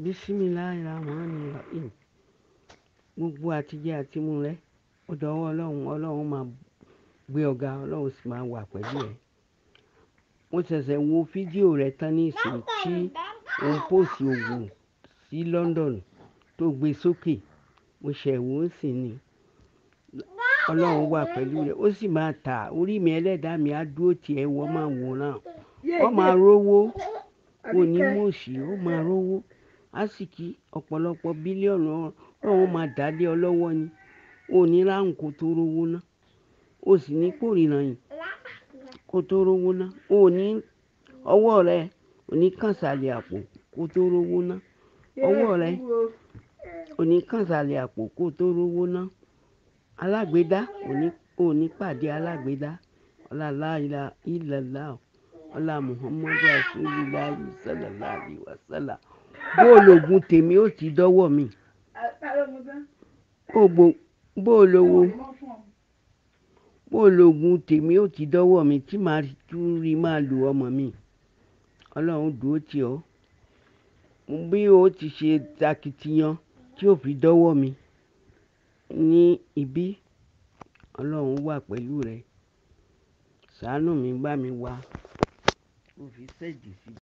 Bismillahirrahmanirrahim. Gbogbo àtijẹ àtimu rẹ, ọ̀dọ̀ ọwọ́ Ọlọ́run, Ọlọ́run máa gbé ọ̀gá, Ọlọ́run sì máa wà pẹ̀lú ẹ. Mo ṣẹ̀ṣẹ̀ wo fídíò rẹ tán ní ìsìn tí ó ń pòsì ògùn sí London tó gbé sókè. Mo ṣẹ̀ wò ó sì ni. Ọlọ́run wà pẹ̀lú rẹ, ó sì máa tà. Orí mi ẹlẹ́dàá mi á dúró tì ẹ́, máa wòran. Ó máa rówó, kò ní mú òṣì, ó máa rówó. asiki ọ̀pọ̀lọpọ̀ bílíọ̀nù ọlọ́run máa dà ọ lọ́wọ́ ni ò ní ráhùn kó tó rówó ná ò sì ní kórìíra yìí kó tó rówó ná ò ní ọwọ́ rẹ ò ní kànsálẹ̀ àpò kó tó rówó ná ọwọ́ rẹ ò ní kànsálẹ̀ àpò kó tó rówó ná alágbèédá ò ní pàdé alágbèédá bó o lògùn tèmi ó ti dọ́wọ́ mi bó o lówó bó o lògùn tèmi ó ti dọ́wọ́ mi tí màá tún rí máa lò ọmọ mi ọlọ́run dúró tì ọ́ bí o ti ṣe takitiyan tí ò fi dọ́wọ́ mi ní ibi ọlọ́run wà pẹ̀lú rẹ ṣàánú mi gbá mi wá kò fi ṣẹ́ẹ̀dì sí i.